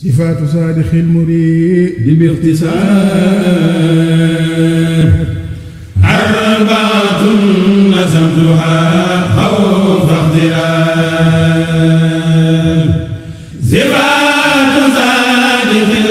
sifaatu saadixil muriid di bixtisaar arbaatun nasamtuhaa xawfa ixtiraar sifaatu saadixil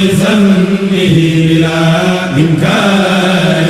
ذنبه بلا إمكان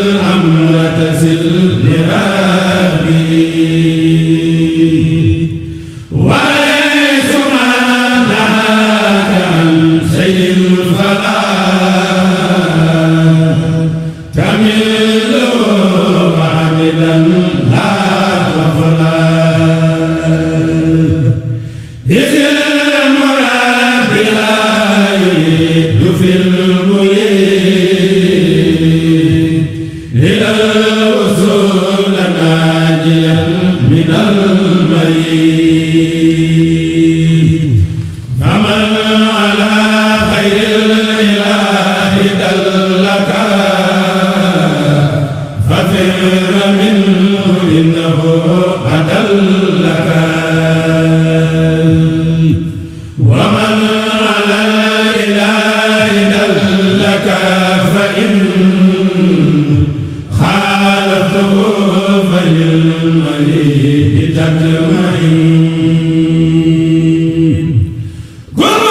góor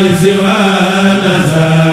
الزمان زمان زاد